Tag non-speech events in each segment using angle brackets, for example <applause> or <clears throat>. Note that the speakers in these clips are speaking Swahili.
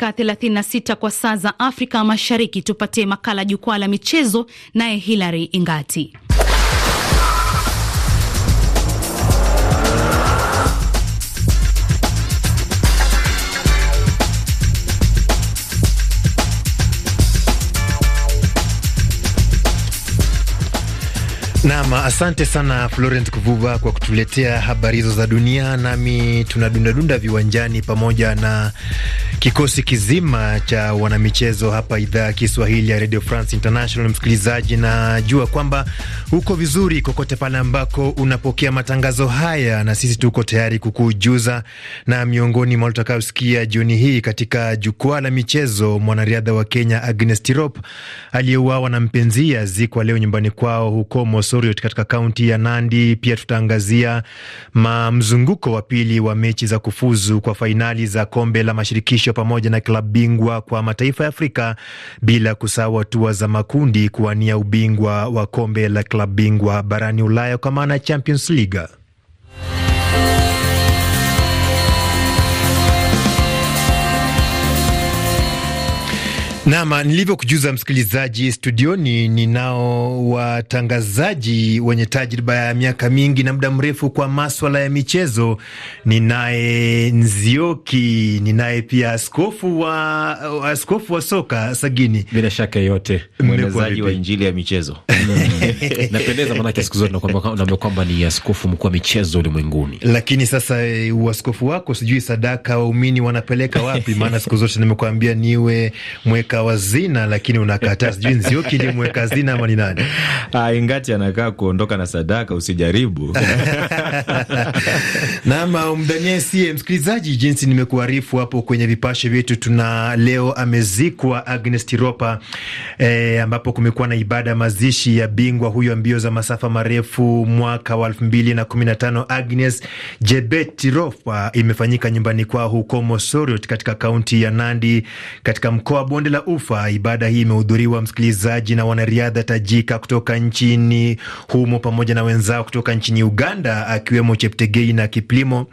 dakika 36 kwa saa za Afrika Mashariki. Tupate makala jukwaa la michezo, naye Hilary Ingati. Nam, asante sana Florent kuvuva kwa kutuletea habari hizo za dunia, nami tunadundadunda viwanjani pamoja na Kikosi kizima cha wanamichezo hapa idhaa ya Kiswahili ya Radio France International, msikilizaji, najua kwamba uko vizuri kokote pale ambako unapokea matangazo haya, na sisi tuko tayari kukujuza na miongoni mwa utakayosikia jioni hii katika jukwaa la michezo, mwanariadha wa Kenya Agnes Tirop aliyeuawa na mpenzia zikwa leo nyumbani kwao huko Mosoriot katika kaunti ya Nandi. Pia tutaangazia mzunguko wa pili wa mechi za kufuzu kwa fainali za kombe la mashirikisho mwisho pamoja na klabu bingwa kwa mataifa ya Afrika, bila kusahau hatua za makundi kuwania ubingwa wa kombe la klabu bingwa barani Ulaya kwa maana ya Champions League. Nam, nilivyokujuza msikilizaji, studioni ninao watangazaji wenye tajriba ya miaka mingi na muda mrefu kwa maswala ya michezo. Ninaye Nzioki, ninaye pia askofu wa, askofu wa soka Sagini, bila shaka yote mwenezaji wa injili ya michezo <laughs> napendeza, manake siku zote naambia kwamba ni askofu mkuu wa michezo ulimwenguni. Lakini sasa e, uaskofu wako sijui sadaka waumini wanapeleka wapi? <laughs> Maana siku zote nimekuambia niwe mweka nikawa zina, lakini unakataa. <laughs> Sijui Nzioki limweka zina ama ni nani? Ah, ingati anakaa kuondoka na sadaka, usijaribu <laughs> nama umdanie sie msikilizaji, jinsi nimekuarifu hapo kwenye vipashe vyetu, tuna leo amezikwa Agnes Tiropa eh, ambapo kumekuwa na ibada mazishi ya bingwa huyo mbio za masafa marefu mwaka wa elfu mbili na kumi na tano Agnes Jebet Tiropa imefanyika nyumbani kwao huko Mosoriot katika kaunti ya Nandi katika mkoa wa bonde la la ufa. Ibada hii imehudhuriwa msikilizaji na wanariadha tajika kutoka nchini humo pamoja na wenzao kutoka nchini Uganda, akiwemo Cheptegei na Kiplimo.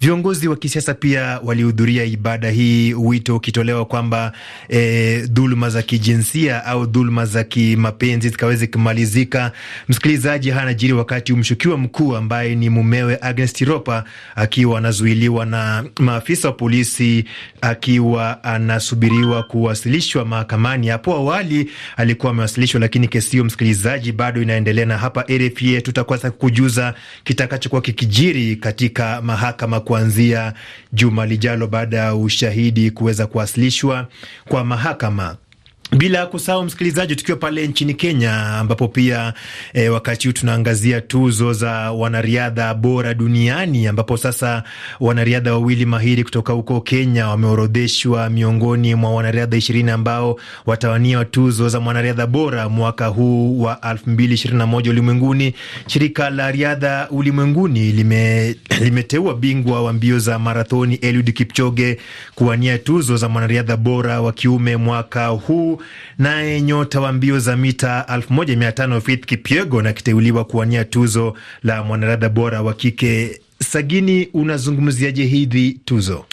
Viongozi wa kisiasa pia walihudhuria ibada hii, wito ukitolewa kwamba e, dhuluma za kijinsia au dhuluma za kimapenzi zikaweze kumalizika. Msikilizaji, haya anajiri wakati mshukiwa mkuu ambaye ni mumewe Agnes Tiropa akiwa anazuiliwa na maafisa wa polisi akiwa anasubiriwa kuwasilishwa kuwasilishwa mahakamani. Hapo awali alikuwa amewasilishwa, lakini kesi hiyo, msikilizaji, bado inaendelea, na hapa RFA tutakwasa kujuza kitakachokuwa kikijiri katika mahakama kuanzia juma lijalo, baada ya ushahidi kuweza kuwasilishwa kwa mahakama bila kusahau msikilizaji, tukiwa pale nchini Kenya ambapo pia e, wakati huu tunaangazia tuzo za wanariadha bora duniani ambapo sasa wanariadha wawili mahiri kutoka huko Kenya wameorodheshwa miongoni mwa wanariadha ishirini ambao watawania tuzo za mwanariadha bora mwaka huu wa 2021 ulimwenguni. Shirika la riadha ulimwenguni lime, <clears throat> limeteua bingwa wa mbio za marathoni Eliud Kipchoge kuwania tuzo za mwanariadha bora wa kiume mwaka huu Naye nyota wa mbio za mita 1500 Faith Kipyego na kiteuliwa kuwania tuzo la mwanadada bora wa kike Sagini, unazungumziaje hivi tuzo?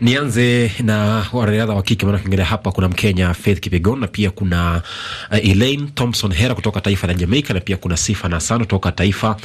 Nianze na wanariadha wa kike, maana kiangalia hapa kuna Mkenya Faith Kipyegon na pia kuna uh, Elaine Thompson Hera kutoka taifa la Jamaica na pia kuna Sifa Nasano kutoka taifa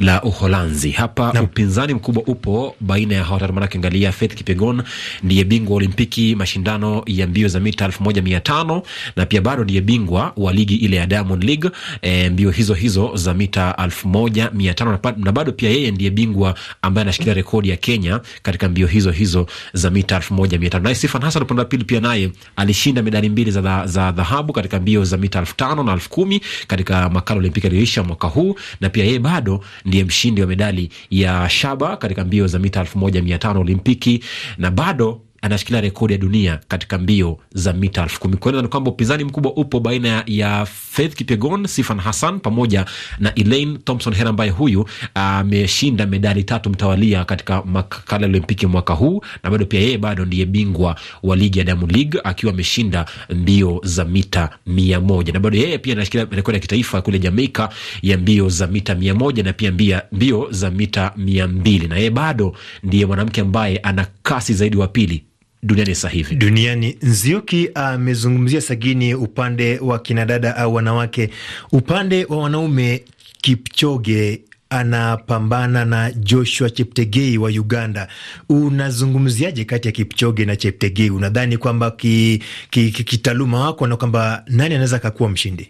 la Uholanzi. Hapa na upinzani mkubwa upo baina ya hawa watatu, maana kiangalia Faith Kipyegon ndiye bingwa wa Olimpiki mashindano ya mbio za mita elfu moja mia tano na pia bado ndiye bingwa wa ligi ile ya Diamond League e, mbio hizo hizo za mita elfu moja mia tano na bado pia yeye ndiye bingwa ambaye anashikilia rekodi ya Kenya katika mbio hizo hizo za mita elfu moja mia tano. Naye Sifan Hasan upande wa pili pia naye alishinda medali mbili za dhahabu katika mbio za mita elfu tano na elfu kumi katika makala Olimpiki aliyoisha mwaka huu, na pia yeye bado ndiye mshindi wa medali ya shaba katika mbio za mita elfu moja mia tano Olimpiki na bado anashikilia rekodi ya dunia katika mbio za mita elfu kumi. Kueleza ni kwamba upinzani mkubwa upo baina ya Faith Kipyegon, Sifan Hassan pamoja na Elaine Thompson Hera ambaye huyu ah, ameshinda medali tatu mtawalia katika makala ya Olimpiki mwaka huu, na bado pia yeye bado ndiye bingwa wa ligi ya Diamond League akiwa ameshinda mbio za mita mia moja na bado yeye pia anashikilia rekodi ya kitaifa kule Jamaika ya mbio za mita mia moja na pia mbia, mbio za mita mia mbili na yeye bado ndiye mwanamke ambaye ana kasi zaidi wa pili duniani sasa hivi duniani. Nzioki amezungumzia uh, sagini upande wa kinadada au wanawake. Upande wa wanaume, Kipchoge anapambana na Joshua Cheptegei wa Uganda. Unazungumziaje kati ya Kipchoge na Cheptegei? Unadhani kwamba kitaaluma ki, ki, wako na kwamba nani anaweza akakuwa mshindi?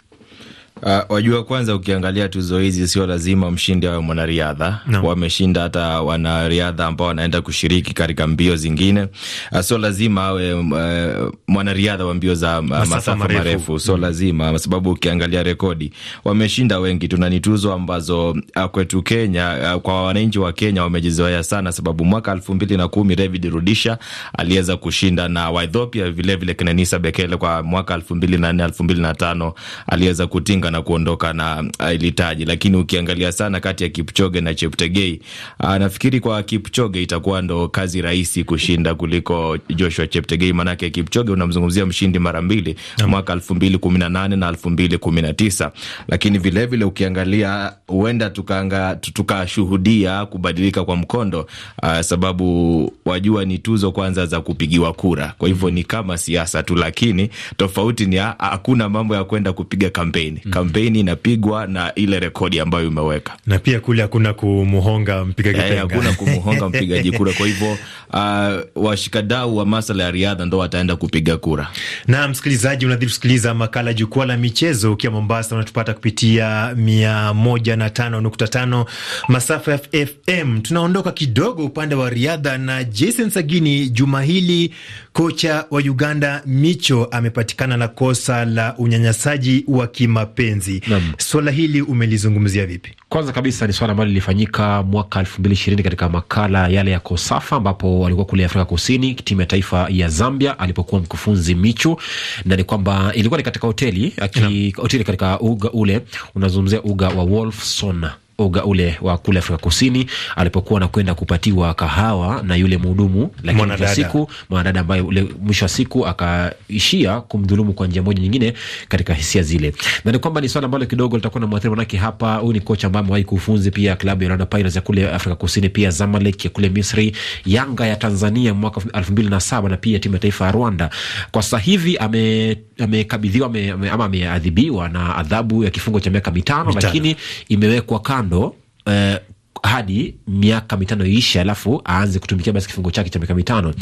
Uh, wajua kwanza, ukiangalia tuzo hizi sio lazima mshindi awe mwanariadha no. Wameshinda hata wanariadha ambao wanaenda kushiriki katika mbio zingine. Uh, sio lazima awe uh, mwanariadha wa mbio za uh, masafa marefu, sio mm. lazima mm. Sababu ukiangalia rekodi wameshinda wengi tuna ni tuzo ambazo uh, kwetu Kenya uh, kwa wananchi wa Kenya wamejizoea sana, sababu mwaka elfu mbili na kumi David Rudisha aliweza kushinda na Waethiopia vilevile Kenenisa Bekele kwa mwaka elfu mbili na nne elfu mbili na tano aliweza kutinga sana kuondoka na uh, ile taji, lakini ukiangalia sana kati ya Kipchoge na Cheptegei, uh, nafikiri kwa Kipchoge itakuwa ndo kazi rahisi kushinda kuliko Joshua Cheptegei, manake Kipchoge unamzungumzia mshindi mara mbili yeah, mwaka elfu mbili kumi na nane na elfu mbili kumi na tisa lakini vilevile vile ukiangalia huenda tukashuhudia tuka kubadilika kwa mkondo uh, sababu wajua ni tuzo kwanza za kupigiwa kura, kwa hivyo ni kama siasa tu, lakini tofauti ni hakuna mambo ya kwenda kupiga kampeni kampeni inapigwa na ile rekodi ambayo umeweka, na pia kule hakuna kumuhonga mpiga eh, kipenga, hakuna kumuhonga <laughs> mpigaji kura. Kwa hivyo uh, washikadau wa masala ya riadha ndo wataenda kupiga kura. Na msikilizaji, unadhiri kusikiliza makala Jukwaa la Michezo ukiwa Mombasa, unatupata kupitia mia moja na tano nukta tano masafa ya FM. Tunaondoka kidogo upande wa riadha na Jason Sagini juma hili Kocha wa Uganda Micho amepatikana na kosa la unyanyasaji wa kimapenzi. Swala hili umelizungumzia vipi? Kwanza kabisa ni swala ambalo lilifanyika mwaka elfu mbili ishirini katika makala yale ya Kosafa, ambapo walikuwa kule Afrika Kusini, timu ya taifa ya Zambia alipokuwa mkufunzi Micho, na ni kwamba ilikuwa ni katika hoteli hoteli katika uga ule unazungumzia uga wa Wolfson oga ule wa kule Afrika Kusini alipokuwa anakwenda kupatiwa kahawa na yule mhudumu, lakini mwisho siku mwanadada ambaye ule mwisho wa siku akaishia kumdhulumu kwa njia moja nyingine katika hisia zile, na ni kwamba ni swala ambalo kidogo litakuwa na mwathiri, manake hapa huyu ni kocha ambaye amewahi kuufunzi pia klabu ya Orlando Pirates ya kule Afrika Kusini, pia Zamalek ya kule Misri, Yanga ya Tanzania mwaka elfu mbili na saba na pia timu ya taifa ya Rwanda. Kwa sasa hivi amekabidhiwa ame ame, ama ameadhibiwa na adhabu ya kifungo cha miaka mitano, mitano, lakini imewekwa kando kando eh, hadi miaka mitano iishe, alafu aanze kutumikia basi kifungo chake cha miaka mitano.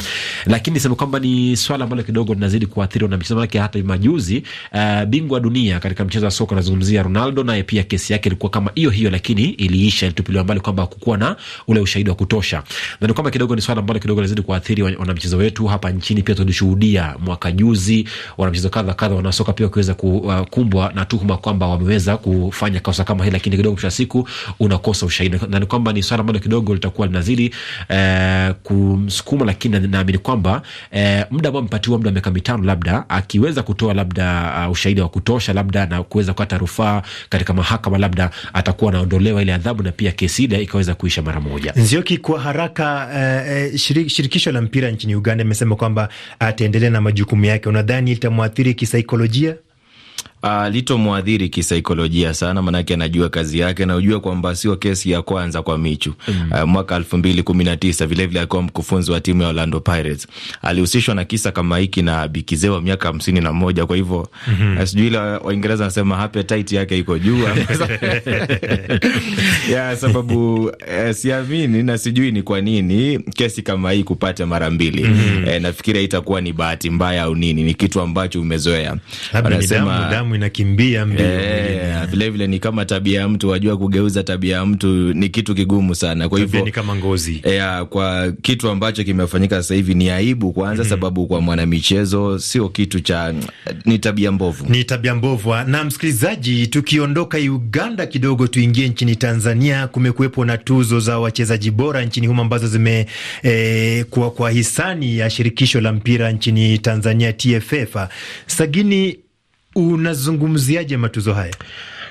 Lakini sema kwamba ni swala ambalo kidogo linazidi kuathiri wanamichezo, manake hata majuzi uh, bingwa dunia katika mchezo wa soka anazungumzia Ronaldo, naye pia kesi yake ilikuwa kama hiyo hiyo, lakini iliisha, ilitupiliwa mbali kwamba hakukuwa na ule ushahidi wa kutosha. Na ni kwamba kidogo ni swala ambalo kidogo linazidi kuathiri wanamichezo wetu hapa nchini. Pia tulishuhudia mwaka juzi wanamichezo kadha kadha wanasoka pia wakiweza kukumbwa uh, na tuhuma kwamba wameweza kufanya kosa kama hili, lakini kidogo mwisho wa siku unakosa ushahidi na kwamba ni swala ambalo kidogo litakuwa linazidi eh, kumsukuma, lakini naamini kwamba eh, muda ambao amepatiwa muda wa miaka mitano, labda akiweza kutoa labda uh, ushahidi wa kutosha, labda na kuweza kukata rufaa katika mahakama, labda atakuwa anaondolewa ile adhabu na pia kesi ile ikaweza kuisha mara moja. Nzioki, kwa haraka eh, eh shirik, shirikisho la mpira nchini Uganda imesema kwamba ataendelea na majukumu yake. Unadhani itamwathiri kisaikolojia? uh, kisaikolojia sana, maanake anajua kazi yake na kwamba sio kesi ya kwanza kwa Michu. mm -hmm. Uh, mwaka elfu mbili kumi na tisa vilevile akiwa mkufunzi wa timu ya Orlando Pirates alihusishwa na kisa kama hiki na bikizee wa miaka hamsini na moja. Kwa hivyo mm -hmm. sijui ile Waingereza anasema appetite yake iko juu <laughs> <laughs> ya sababu eh, siamini na sijui ni kwa nini kesi kama hii kupata mara mbili. mm -hmm. Eh, nafikiria itakuwa ni bahati mbaya au nini, ni kitu ambacho umezoea, anasema damu damu inakimbia mbio yeah, vile vile ni kama tabia ya mtu, wajua kugeuza tabia ya mtu ni kitu kigumu sana. Kwa hivyo ni kama ngozi yeah, kwa kitu ambacho kimefanyika sasa hivi ni aibu kwanza, mm -hmm. sababu kwa mwanamichezo sio kitu cha, ni tabia mbovu, ni tabia mbovu. Na msikilizaji, tukiondoka Uganda kidogo, tuingie nchini Tanzania. Kumekuwepo na tuzo za wachezaji bora nchini humo ambazo zime eh, kwa, kwa hisani ya shirikisho la mpira nchini Tanzania TFF. Sagini Unazungumziaje matuzo haya?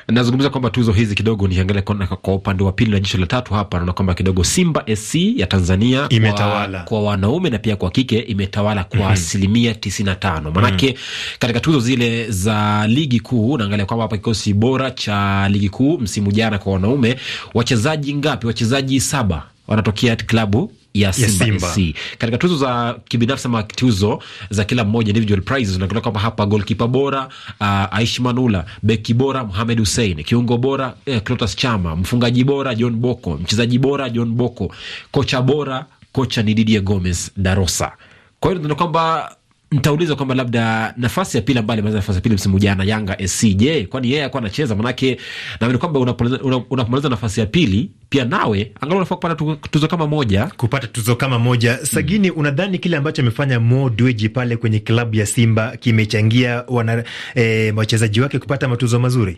Nazungumzia kwamba tuzo hizi kidogo, nikiangalia kwa upande wa pili na jicho la tatu hapa, naona kwamba kidogo Simba SC ya Tanzania imetawala kwa, kwa wanaume na pia kwa kike imetawala kwa mhm. asilimia mm -hmm. tisini na tano manake mm -hmm. katika tuzo zile za ligi kuu naangalia kwamba hapa kikosi bora cha ligi kuu msimu jana kwa wanaume, wachezaji ngapi? Wachezaji saba wanatokea klabu ya Simba, ya Simba. Katika tuzo za kibinafsi ama tuzo za kila mmoja individual prizes, na kuna kama hapa goalkeeper bora uh, Aishi Manula, beki bora Mohamed Hussein, kiungo bora eh, Clotus Chama, mfungaji bora John Boko, mchezaji bora John Boko, kocha bora kocha ni Didier Gomez Darosa. Kwa hiyo ndio kwamba nitauliza kwamba labda nafasi ya pili ambayo alimaliza nafasi ya pili msimu jana Yanga SC, je, kwani yeye alikuwa anacheza? Manake naamini kwamba unapomaliza una, una nafasi ya pili pia nawe angalau unafaa kupata tuzo kama moja, kupata tuzo kama moja. Sagini, mm. unadhani kile ambacho amefanya Mo Dewji pale kwenye klabu ya Simba kimechangia wana e, wachezaji wake kupata matuzo mazuri?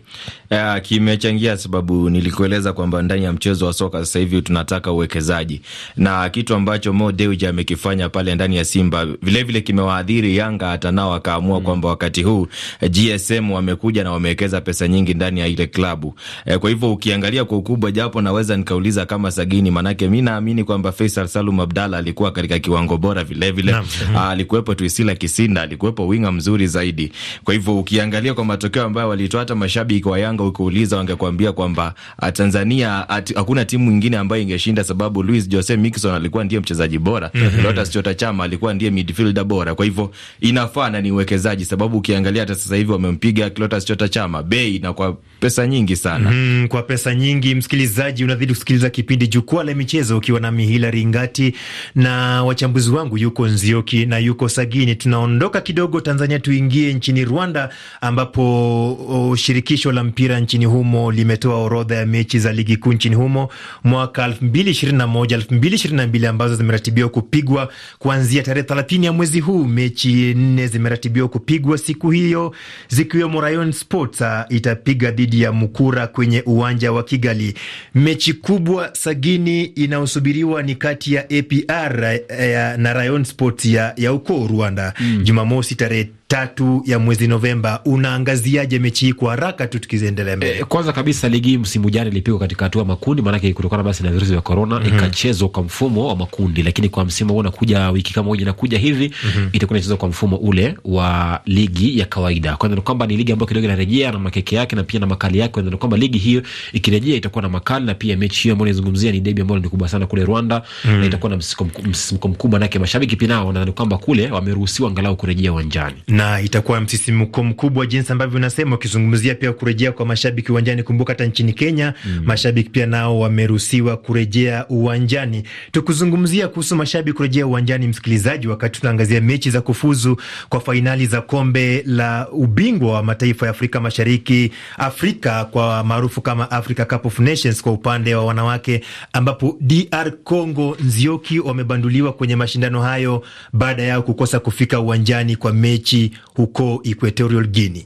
Yeah, kimechangia sababu nilikueleza kwamba ndani ya mchezo wa soka sasa hivi tunataka uwekezaji, na kitu ambacho Mo Dewji amekifanya pale ndani ya Simba vilevile kimewaadhiri Yanga, hata nao akaamua mm. kwamba wakati huu eh, GSM wamekuja na wamewekeza pesa nyingi ndani ya ile klabu e, kwa hivyo ukiangalia kwa ukubwa, japo naweza nikauliza kama Sagini, manake mi naamini kwamba Faisal Salum Abdalla alikuwa katika kiwango bora vilevile, ah, alikuwepo Tuisila Kisinda, alikuwepo winga mzuri zaidi. Kwa hivyo ukiangalia kwa matokeo ambayo walitoa hata mashabiki wa Yanga, ukiuliza wangekuambia kwamba ah, Tanzania ah, hakuna timu ingine ambayo ingeshinda, sababu Luis Jose Miquissone alikuwa ndiye mchezaji bora, mhm. Lotas Chota Chama alikuwa ndiye midfielder bora. Kwa hivyo inafaa na ni uwekezaji, sababu ukiangalia hata sasa hivi wamempiga Lotas Chota Chama bei na kwa pesa nyingi sana, mm, kwa pesa nyingi msikilizaji unadhi Unazidi kusikiliza kipindi Jukwaa la Michezo ukiwa na Hilari Ngati na wachambuzi wangu yuko Nzioki na yuko Sagini. Tunaondoka kidogo Tanzania, tuingie nchini Rwanda ambapo shirikisho la mpira nchini humo limetoa orodha ya mechi za ligi kuu nchini humo mwaka 2021 2022 ambazo zimeratibiwa kupigwa kuanzia tarehe 30 ya mwezi huu. Mechi nne zimeratibiwa kupigwa siku hiyo zikiwemo Rayon Sports uh, itapiga dhidi ya Mukura kwenye uwanja wa Kigali mechi kubwa sagini inayosubiriwa ni kati ya APR eh, na Rayon Sports ya, ya uko Rwanda mm. Jumamosi tarehe tatu ya mwezi Novemba. Unaangaziaje mechi hii kwa haraka tu tukiziendelea mbele? E, kwanza kabisa ligi hii msimu jana ilipigwa katika hatua makundi, maanake kutokana basi na virusi vya korona mm -hmm. ikachezwa kwa mfumo wa makundi, lakini kwa msimu huu unakuja wiki kama moja inakuja hivi mm -hmm. itakuwa inachezwa kwa mfumo ule wa ligi ya kawaida. Kwanza ni kwamba ni ligi ambayo kidogo inarejea na makeke yake na pia na makali yake. Kwanza ni kwamba ligi hiyo ikirejea itakuwa na makali, na pia mechi hiyo ambayo naizungumzia ni debi ambayo ni kubwa sana kule Rwanda mm -hmm. na itakuwa na msimko mkubwa, manake mashabiki pia nao nadhani kwamba kule wameruhusiwa angalau kurejea uwanjani na na itakuwa msisimko mkubwa jinsi ambavyo unasema, ukizungumzia pia kurejea kwa mashabiki uwanjani. Kumbuka hata nchini Kenya mm, mashabiki pia nao wameruhusiwa kurejea uwanjani. Tukuzungumzia kuhusu mashabiki kurejea uwanjani, msikilizaji, wakati tunaangazia mechi za kufuzu kwa fainali za kombe la ubingwa wa mataifa ya Afrika Mashariki, Afrika kwa maarufu kama Africa Cup of Nations kwa upande wa wanawake, ambapo DR Congo Nzioki wamebanduliwa kwenye mashindano hayo baada yao kukosa kufika uwanjani kwa mechi huko Equatorial Guinea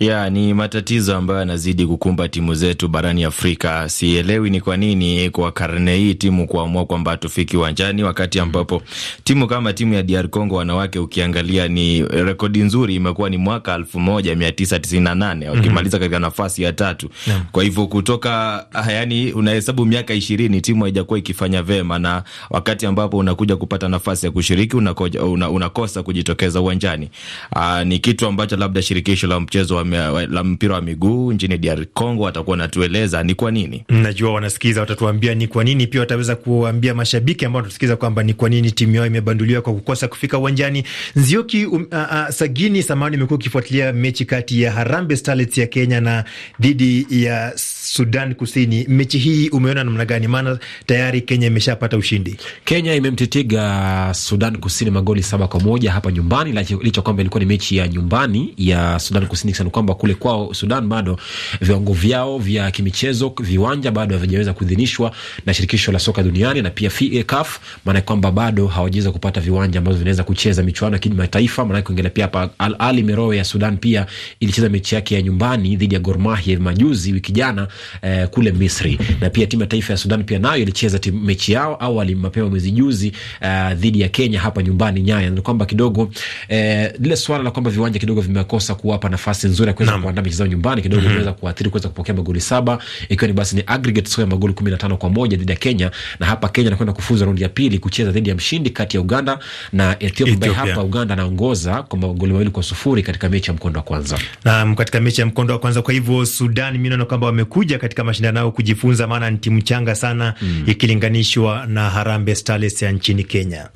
ya ni matatizo ambayo yanazidi kukumba timu zetu barani Afrika. Sielewi ni kwa nini kwa karne hii timu kuamua kwamba hatufiki uwanjani, wakati ambapo timu kama timu ya DR Congo wanawake, ukiangalia ni rekodi nzuri, imekuwa ni mwaka 1998 mhm. wakimaliza katika nafasi ya tatu. Kwa hivyo kutoka ah, yani, unahesabu miaka 20 timu haijakuwa ikifanya vema, na wakati ambapo unakuja kupata nafasi ya kushiriki unakoja, una, unakosa kujitokeza uwanjani. Aa, ah, ni kitu ambacho labda shirikisho la mchezo wa la mpira wa miguu nchini DR Congo watakuwa wanatueleza ni kwa nini. Najua wanasikiza watatuambia ni kwa nini, pia wataweza kuambia mashabiki ambao wanatusikiza kwamba ni kwa nini timu yao imebanduliwa kwa kukosa kufika uwanjani. Nzioki um, uh, uh, Sagini samani, imekuwa ukifuatilia mechi kati ya Harambee Starlets ya Kenya na dhidi ya Sudan Kusini. Mechi hii umeona namna gani? Maana tayari Kenya imeshapata ushindi. Kenya imemtitiga Sudan Kusini magoli saba kwa moja hapa nyumbani, licha kwamba ilikuwa ni mechi ya nyumbani ya Sudan Kusini kwamba kule kwao Sudan bado viwango vyao vya kimichezo, viwanja bado havijaweza kuidhinishwa na shirikisho la soka duniani na pia CAF, maana kwamba bado hawajaweza kupata viwanja ambavyo vinaweza kucheza michuano ya kimataifa. Maana kuingelea pia hapa Al Ahly Merowe ya Sudan pia ilicheza mechi yake ya nyumbani dhidi ya Gor Mahia majuzi wiki jana eh, kule Misri, na pia timu ya taifa ya Sudan pia nayo ilicheza mechi yao awali mapema mwezi juzi eh, dhidi uh, ya Kenya hapa nyumbani Nyayo, ni kwamba kidogo eh, lile swala la kwamba viwanja kidogo vimekosa kuwapa nafasi nzuri Venezuela kuweza kuandaa michezo nyumbani kidogo mm -hmm. kuweza kuathiri kuweza kupokea magoli saba ikiwa ni basi ni aggregate score ya magoli 15 kwa moja dhidi ya Kenya, na hapa Kenya anakwenda kufuza raundi ya pili kucheza dhidi ya mshindi kati ya Uganda na Ethiopia, ambaye hapa Uganda anaongoza kwa magoli mawili kwa sufuri katika mechi ya mkondo wa kwanza. Naam, katika mechi ya mkondo wa kwanza. Kwa hivyo Sudan, mimi naona kwamba wamekuja katika mashindano yao kujifunza, maana ni timu changa sana mm. ikilinganishwa na Harambee Starlets ya nchini Kenya.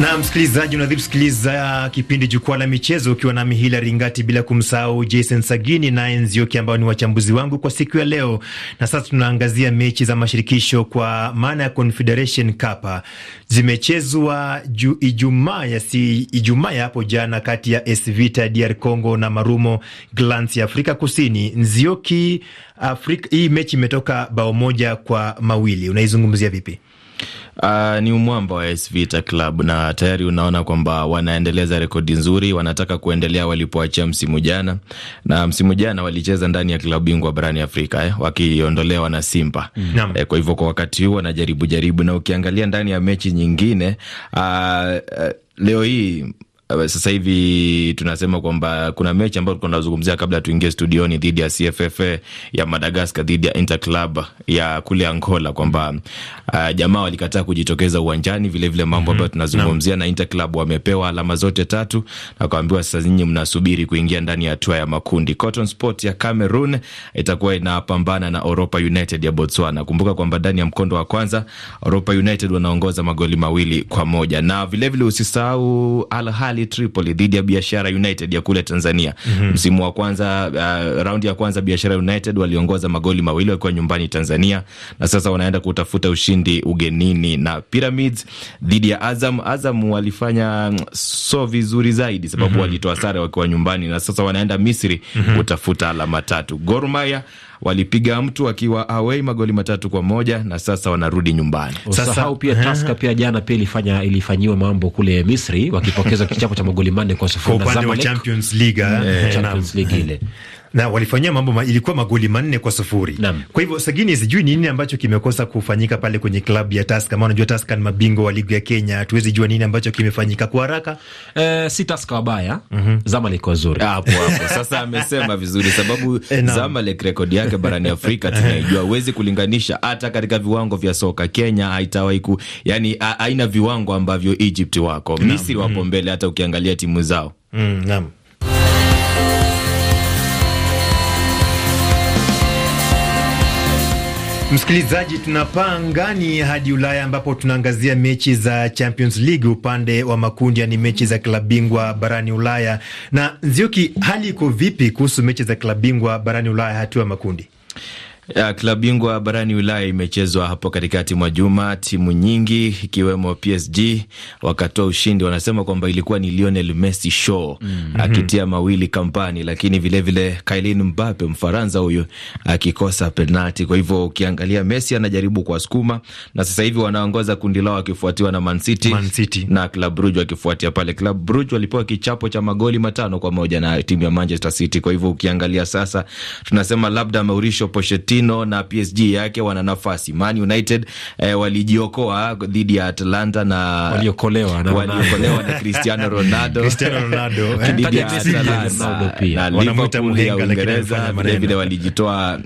na msikilizaji, unadhibu sikiliza kipindi Jukwaa la Michezo ukiwa nami Hila Ringati, bila kumsahau Jason Sagini na Enzioki ambao ni wachambuzi wangu kwa siku ya leo. Na sasa tunaangazia mechi za mashirikisho kwa maana ya Confederation Cup zimechezwa Ijumaa ya si Ijumaa ya hapo jana, kati ya AS Vita DR Congo na Marumo Glans ya Afrika Kusini. Nzioki, Afrika, hii mechi imetoka bao moja kwa mawili, unaizungumzia vipi? Uh, ni umwamba wa AS Vita Club na tayari unaona kwamba wanaendeleza rekodi nzuri, wanataka kuendelea walipoachia msimu jana, na msimu jana walicheza ndani ya klabu bingwa barani Afrika eh, wakiondolewa na Simba mm. Eh, kwa hivyo kwa wakati huu wanajaribu jaribu, na ukiangalia ndani ya mechi nyingine uh, uh, leo hii Eh, sasa hivi tunasema kwamba kuna mechi ambayo tulikuwa tunazungumzia kabla tuingie studioni dhidi ya CFFA ya Madagascar dhidi ya Interclub ya kule Angola, kwamba uh, jamaa walikataa kujitokeza uwanjani, vilevile mambo ambayo mm -hmm. tunazungumzia na Interclub wamepewa alama zote tatu na kaambiwa sasa nyinyi mnasubiri kuingia ndani ya hatua ya makundi. Cotton Sport ya Cameroon itakuwa inapambana na Europa United ya Botswana. Kumbuka kwamba ndani ya mkondo wa kwanza Europa United wanaongoza magoli mawili kwa moja na vilevile usisahau Al Ahly Al Tripoli dhidi ya Biashara United ya kule Tanzania. Mm -hmm. Msimu wa kwanza, uh, raundi ya kwanza Biashara United waliongoza magoli mawili wakiwa nyumbani Tanzania, na sasa wanaenda kutafuta ushindi ugenini. Na Pyramids dhidi ya Azam, Azam walifanya mm, so vizuri zaidi sababu mm -hmm. walitoa sare wakiwa nyumbani na sasa wanaenda Misri mm -hmm. kutafuta alama tatu. Gor Mahia walipiga mtu akiwa away magoli matatu kwa moja na sasa wanarudi nyumbani. hao pia Taska pia jana pia ilifanya ilifanyiwa mambo kule Misri wakipokeza kichapo cha magoli manne kwa sufuri na Zamalek Champions League eh. ile na walifanyia mambo ma, ilikuwa magoli manne kwa sufuri. Kwa hivyo Sagini, sijui ni nini ambacho kimekosa kufanyika pale kwenye klabu ya Taska, maana unajua Taska ni mabingwa wa ligi ya Kenya. Hatuwezi jua nini ambacho kimefanyika kwa haraka. Eh, si Taska wabaya, mm -hmm. Zamalek wazuri hapo hapo. Sasa amesema <laughs> vizuri, sababu e, Zamalek rekodi yake barani Afrika tunaijua, huwezi kulinganisha hata katika viwango vya soka. Kenya haitawahi ku, yani haina viwango ambavyo Egypt wako, Misri wapo mhm. mbele, hata ukiangalia timu zao. Mm, naam. Msikilizaji, tunapaa ngani hadi Ulaya ambapo tunaangazia mechi za Champions League upande wa makundi, yani mechi za klabu bingwa barani Ulaya. Na Nzioki, hali iko vipi kuhusu mechi za klabu bingwa barani Ulaya hatua ya makundi? Ya, Klabu bingwa barani Ulaya imechezwa hapo katikati mwa juma, timu nyingi ikiwemo PSG wakatoa ushindi. Wanasema kwamba ilikuwa ni Lionel Messi show mm -hmm. akitia mawili kampani, lakini vilevile Kylian Mbappe Mfaransa huyu akikosa penalti. Kwa hivyo ukiangalia Messi anajaribu kuwasukuma, na sasa hivi wanaongoza kundi lao wakifuatiwa na Man City, Man City na Club Brugge wakifuatia pale. Club Brugge walipewa kichapo cha magoli matano kwa moja na timu ya Manchester City. Kwa hivyo ukiangalia sasa tunasema labda Mauricio Pochettino Pochettino na PSG yake wana nafasi. Man United eh, walijiokoa dhidi ya Atalanta na waliokolewa na, waliokolewa na Cristiano Ronaldo <laughs> Cristiano Ronaldo <laughs> dhidi ya Atalanta na Liverpool ya Uingereza vile vile walijitoa.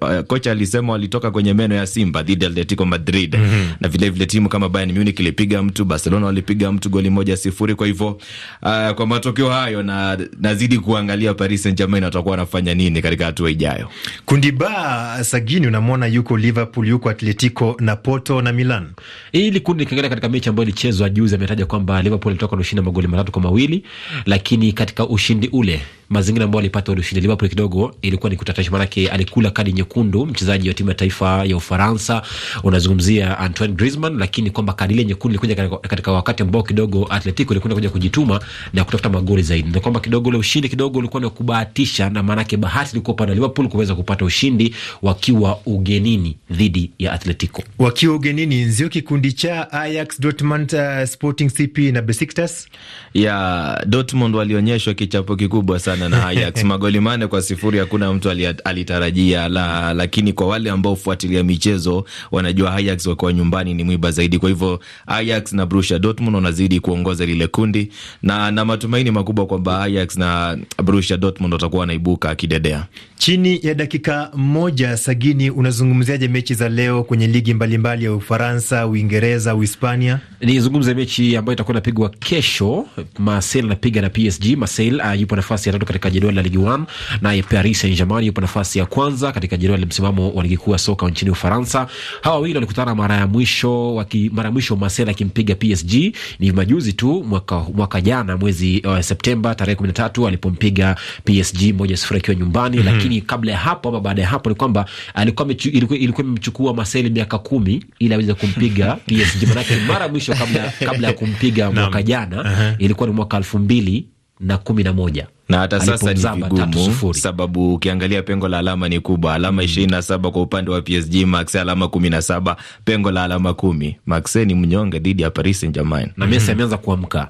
Uh, kocha alisema walitoka kwenye meno ya simba dhidi ya Atletico Madrid mm -hmm. na vile vile timu kama Bayern Munich ilipiga mtu, Barcelona walipiga mtu goli moja sifuri. Kwa hivyo uh, kwa matokeo hayo na nazidi kuangalia Paris Saint-Germain watakuwa wanafanya nini katika hatua ijayo. Kundi ba Uh, Sagini unamwona yuko Liverpool, yuko Atletico na Porto na Milan. Hili kundi likiangalia katika mechi ambayo ilichezwa juzi, ametaja kwamba Liverpool ilitoka na ushindi magoli matatu kwa mawili, lakini katika ushindi ule mazingira ambayo alipata ushindi. Liverpool kidogo ilikuwa ni kutatanisha, maanake alikula kadi nyekundu mchezaji wa timu ya taifa ya Ufaransa, unazungumzia Antoine Griezmann, lakini kwamba kadi ile nyekundu ilikuja katika wakati ambao kidogo Atletico ilikuwa inakuja kujituma na kutafuta magoli zaidi, na kwamba kidogo ule ushindi kidogo ulikuwa ni kubahatisha, na maanake bahati ilikuwa upande wa Liverpool kuweza kupata ushindi wakiwa ugenini dhidi ya Atletico, wakiwa ugenini, nzio kikundi cha Ajax, Dortmund, uh, Sporting CP na Besiktas ya Dortmund walionyeshwa kichapo kikubwa sana sana na Ajax <laughs> magoli manne kwa sifuri, hakuna mtu alitarajia la, lakini kwa wale ambao hufuatilia michezo wanajua Ajax wakiwa nyumbani ni mwiba zaidi. Kwa hivyo Ajax na Borussia Dortmund wanazidi kuongoza lile kundi na, na matumaini makubwa kwamba Ajax na Borussia Dortmund watakuwa wanaibuka kidedea. Chini ya dakika moja, Sagini, unazungumziaje mechi za leo kwenye ligi mbalimbali ya Ufaransa, Uingereza, Uhispania? Nizungumze mechi ambayo itakuwa inapigwa kesho. Marseille anapiga na PSG. Marseille uh, ah, yupo nafasi ya tatu katika jedwali la ligi 1, naye Paris Saint-Germain yupo nafasi ya kwanza katika jedwali la msimamo wa ligi kuu ya soka nchini Ufaransa. Hawa wawili walikutana mara ya mwisho waki, mara mwisho Marseille akimpiga PSG ni majuzi tu mwaka, mwaka jana mwezi wa uh, Septemba tarehe 13 alipompiga PSG moja sifuri akiwa nyumbani mm -hmm. Lakini kabla ya hapo ama baada ya hapo ni kwamba alikuwa ilikuwa ilikuwa imemchukua Marseille miaka kumi ili aweze kumpiga <laughs> PSG, manake mara ya mwisho kabla, kabla ya kumpiga mwaka jana uh -huh. ilikuwa ni mwaka elfu mbili na kumi na moja na hata sasa ni vigumu, sababu ukiangalia pengo la alama ni kubwa, alama mm. ishirini na saba kwa upande wa PSG, Marseille alama kumi na saba pengo la alama kumi. Marseille ni mnyonge dhidi ya Paris Saint Germain na Messi mm-hmm. ameanza kuamka.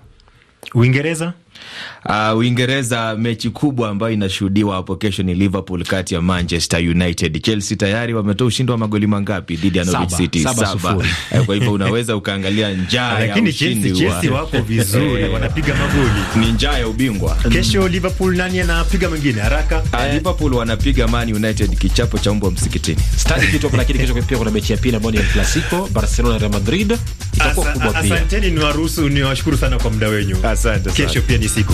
Uingereza Uh, Uingereza, mechi kubwa ambayo inashuhudiwa hapo kesho ni Liverpool kati ya Manchester United. Chelsea tayari wametoa ushindi wa magoli mangapi dhidi ya Norwich City? Saba. Eh, kwa hivyo unaweza ukaangalia njaa ya ushindi. Chelsea vizuri, eh. wanapiga magoli, ni njaa ya ubingwa. Kesho Liverpool nani anapiga mwingine haraka? Ah, eh. Liverpool wanapiga Man United kichapo cha mbwa msikitini. Stadi kitu, lakini kesho pia kuna mechi ya pili ambayo ni El Clasico, Barcelona Real Madrid. Asanteni, niwaruhusu niwashukuru sana kwa muda wenyu. Asante sana. Kesho pia ni siku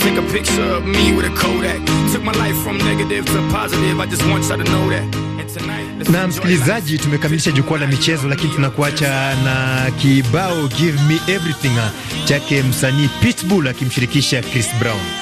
take a picture of me with a Kodak. Took my life from negative to positive. I just want to know that. Na msikilizaji, tumekamilisha jukwaa la michezo, lakini tunakuacha na kibao Give Me Everything ah, chake msanii Pitbull akimshirikisha Chris Brown.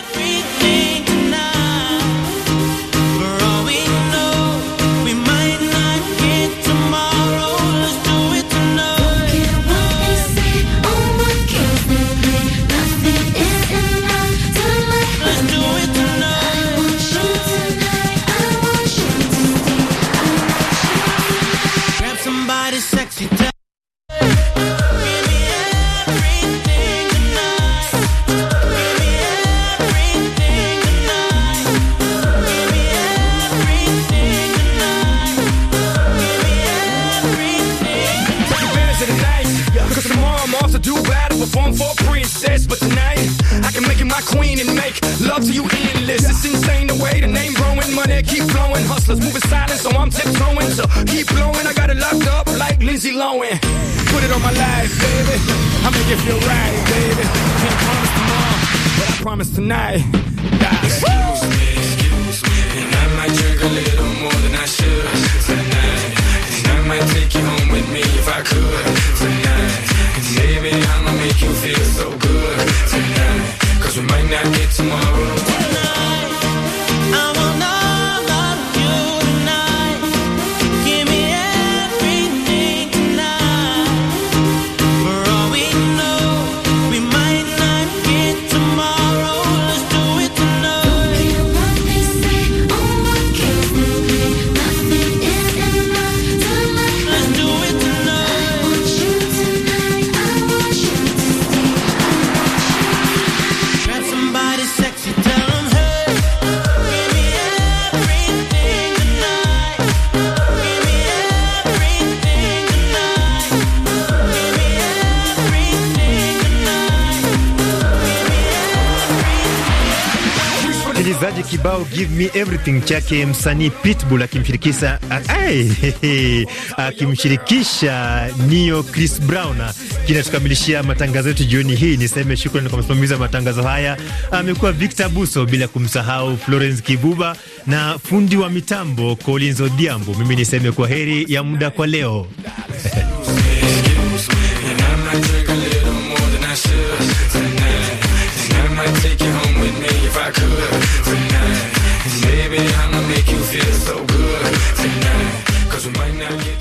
flowing. Put it on my life, baby. I make it feel right, baby. Can't promise tomorrow, but I promise tonight. Die. Excuse me, excuse me, and I might drink a little more than I should tonight. And I might take you home with me if I could tonight. msikilizaji, kibao give me everything chake msanii Pitbull akimshirikisha <laughs> akimshirikisha Nio Chris Brown kinatukamilishia matangazo yetu jioni hii. Niseme shukran kwa msimamizi wa matangazo haya amekuwa Victor Buso, bila kumsahau Florence Kibuba na fundi wa mitambo Collins Odiambo. Mimi niseme kwa heri ya muda kwa leo <laughs> tonight. Baby, I'ma make you feel so good tonight. Cause we might not get